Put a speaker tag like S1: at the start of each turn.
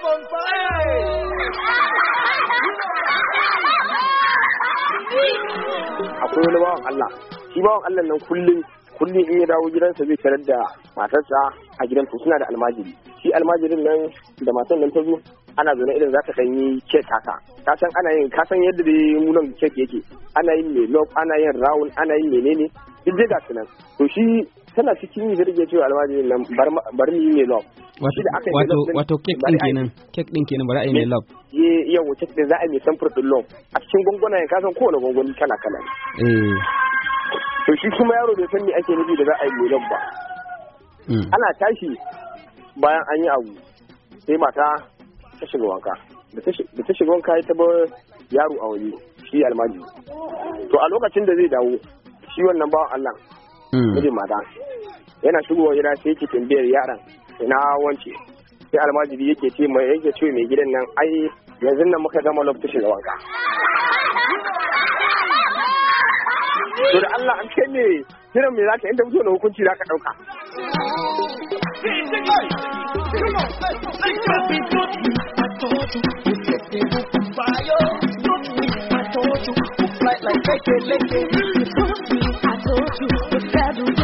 S1: Akwai
S2: wani bawan Allah, shi bawan Allah nan kullum kullum in ya dawo gidansa zai tarar da matarsa a gidan to suna da almajiri shi almajirin nan da matan nan ta zo ana zaune irin za ta kan yi kek haka ka san ana yin ka san yadda dai munan kek yake ana yin melob ana yin rawun ana yin menene duk dai ga su nan to shi tana cikin yi zarge cewa almajirin nan bari mu yi melob
S1: wato wato kek din kenan
S2: kek din kenan ba za a yi mai lab yau yawa kek din za a yi mai samfur din lab a cikin gwangwana ka san kowane gwangwani kana kana. eh to shi kuma yaro bai san me ake nufi da za a yi mai lab ba hmm. ana tashi bayan an yi abu sai mata ta shiga wanka da ta shiga wanka ya taba yaro a waje shi almaji to a lokacin da zai dawo shi wannan bawan Allah hmm. mijin mata yana shigowa gida sai yake tambayar yaran ina wance sai almajiri yake ce mai yake ce mai gidan nan ai yanzu nan muka gama lokacin wanka to da Allah an kai ne kiran me zaka inda mutum na hukunci zaka dauka
S1: I told you,